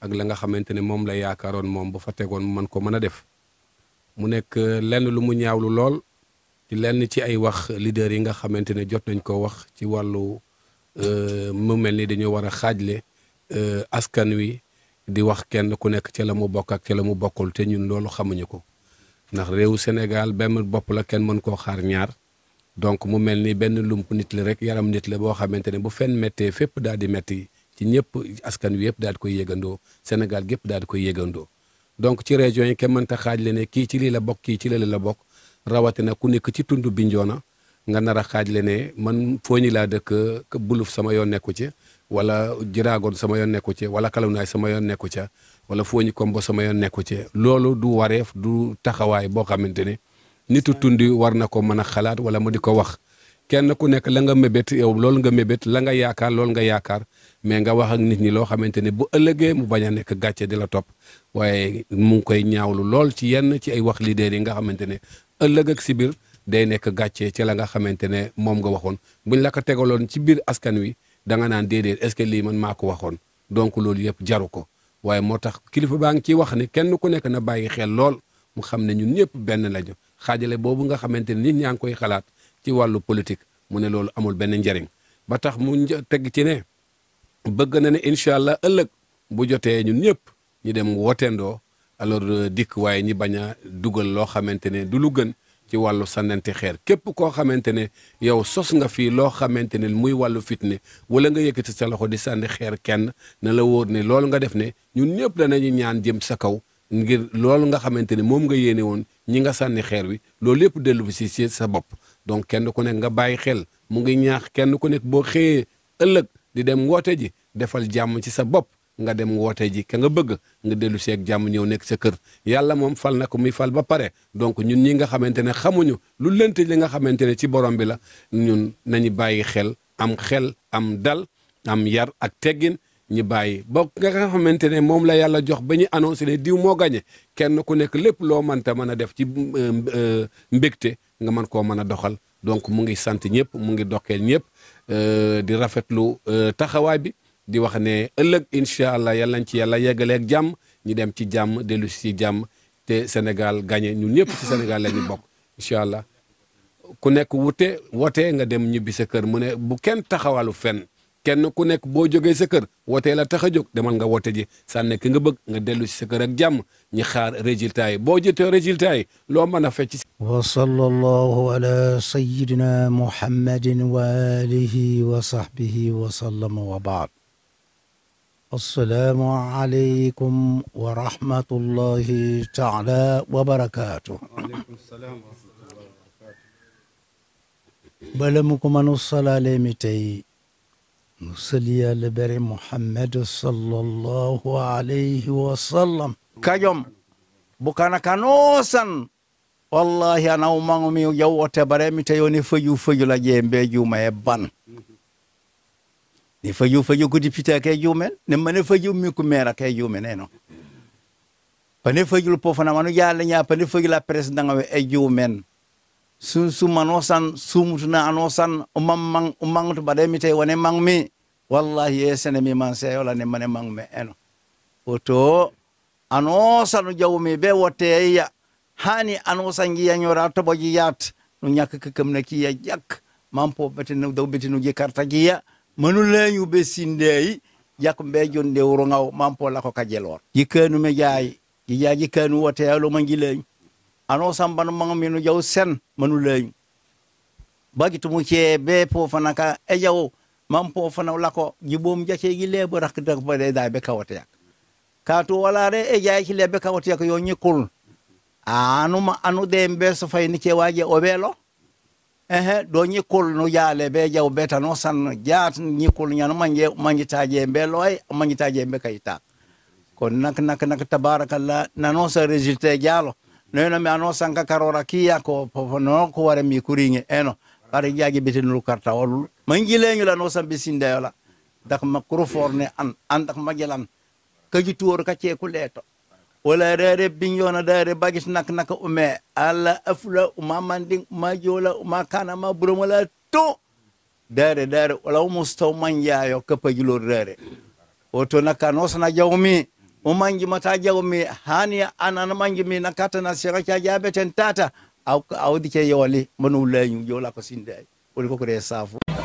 ak la nga xamante ne moom la yaakaaroon moom ba fa tegoon mu mën ko mën a def mu nekk lenn lu mu ñaawlu lool ci lenn ci ay wax leader yi nga xamante ne jot nañ ko wax ci wàllu euh, mu mel ni dañoo war a xaajle euh, askan wi di wax kenn ku nekk ca la mu bokk ak ca la mu bokkul te ñun loolu xamuñu ko ndax réewu Sénégal benn bopp la kenn mën koo xaar ñaar donc mu mel ni benn lump nit li rek yaram nit la boo xamante ne bu fenn méttee fépp daal di yi ci ñëpp askan wi yëpp daal di koy yëgandoo Sénégal gépp daal di koy yëgandoo donc ci région yi kenn mënta xaaj le ne kii ci lii la bokk kii ci lii la bokk rawatina ku nekk ci tund Bignona nga nar a xaaj le ne man Fogny laa dëkk buluf sama yoon nekku ci wala jiraagoon sama yoon nekku ci wala kalunaay sama yoon nekku ca wala Fogny Kombo sama yoon nekku ci loolu du wareef du taxawaay boo xamante ne nitu tund war na ko mën a xalaat wala mu di ko wax kenn ku nekk la nga mébét yow loolu nga mébét la nga yaakaar loolu nga yaakaar mais nga wax ak nit ñi loo xamante ne bu ëllëgee mu bañ a nekk gàcce di la topp waaye mu ngi koy ñaawlu lool ci yenn ci ay wax leader yi nga xamante ne ëllëg ak si biir day nekk gàcce ci la nga xamante ne moom nga waxoon buñ la ko tegaloon ci biir askan wi da nga naan déedéet est-ce que lii man maa ko waxoon donc loolu yëpp jaru ko waaye moo tax kilifa baa ngi ciy wax ne kenn ku nekk na bàyyi xel lool mu xam ne ñun ñëpp benn lañu xaajale boobu nga xamante ne ñaa ngi koy xalaat ci wàllu politique mu ne loolu amul benn njëriñ ba tax mu teg ci ne bëgg na ne incha allah ëllëg bu jotee ñun ñëpp ñu dem wooteendoo alors euh, dikk waaye ñi bañ a dugal loo xamante ne du lu gën ci wàllu sànnante xeer képp koo xamante ne yow sos nga fii loo xamante ne muy wàllu fitne wala nga yëkkati sa loxo di sànni xeer kenn na la wóor ne loolu nga def ne ñun ñëpp danañu ñaan jëm sa kaw ngir loolu nga xamante ne moom nga yéene woon ñi nga sànni xeer wi loolu lépp dellu bi si si sa bopp donc kenn ku nekk nga bàyyi xel mu ngi ku nekk boo xëyee ëllëg di dem woote ji defal jàmm ci sa bopp nga dem woote ji ka nga bëgg nga dellu seeg jàmm ñëw nekk sa kër yàlla moom fal na ko muy fal ba pare donc ñun ñi nga xamante ne xamuñu lu lëntëj li nga xamante ne ci borom bi la ñun nañu bàyyi xel am xel am dal am yar ak teggin ñu bàyyi ba nga xamante ne moom la yàlla jox ba ñu annoncé ne diw moo gañe kenn ku nekk lépp loo mënta mën a def ci euh, euh, mbégte nga mën koo mën a doxal donc mu ngi sant ñëpp mu ngi dokkeel ñëpp euh, di rafetlu euh, taxawaay bi di wax ne ëllëg incha allah yal nañ ci yàlla yeggaleeg jàmm ñu dem ci jàmm dellu si jàmm te Sénégal gagné ñun ñëpp ci Sénégal la bokk incha allah ku nekk wute woote nga dem ñibbi sa kër mu ne bu kenn taxawalu fenn kenn ku nekk boo jógee sa kër wootee la tax a jóg demal nga woote ji sànne ki nga bëgg nga dellu si sa kër ak jàmm ñi xaar résultat yi boo jotee résultat yi loo mën a وصلى الله على سيدنا محمد وآله وصحبه وسلم وبعد السلام عليكم ورحمة الله تعالى وبركاته السلام ورحمة الله وبركاته بلمكم أن الصلاة لمتي نصلي لبر محمد صلى الله عليه وسلم كيوم بكان كانوسا wallahi an awmaŋo mi wote bare mi te woni feju la je mbe juma e ban ni feju feju ko député ke jumen ne man feju mi ko mera ke jumen eno pane po pofana manu ya lenya la président présidangawe e jumen sun su san sumutuna anosan umang o mamman o bare mi te woni mang mi wallahi e sene mi man seyola ne man mang me eno oto anosan sanu jawmi be wote ya hani an wosangi ya nyora toboji yat nu nyak kekam na ki ya jak mampo beti nu betinu beti nu je karta gi ya manule yu be sindei jak be jonde woro ngaw mampo la ko kajelor yikenu me jaay gi ya yikenu wote ya lo mangile ano samban mangaminu jaw sen manule bagi mu ke be po fanaka e jaw mampo fanaw lako jibom jake gi lebo rak dak ba de da be kawata yak kaatu wala re e jaay ki lebe kawata yak yo nyikul anuma anu anude mbe so fayni waje o weelo ehe ni ñikkol no yale be jaw be tan o sanno jaat ñikkol ñano manje manjitaji taje mbe loye manjitaji taje mbe kayita ko nak nak nak tabarakallah jalo no no me ano san ka karora kiya ko no ko wara mi kuriŋe eno bare jaagi betenol karta wol la no san bisinde sindayola dak ma kurforne an an dak majelan kaji tuor ka ce ku leto wala rere binyona dare bagis nak nak ume ala afula uma manding uma jola uma kana ma burumala to dare dare wala umusta umanya yo kapajilo rere oto nakano sana jawmi umanji mata jawmi hani anana manji mi nakata na siraka jabe tentata au au dike yoli manulayu jola ko uliko kure safu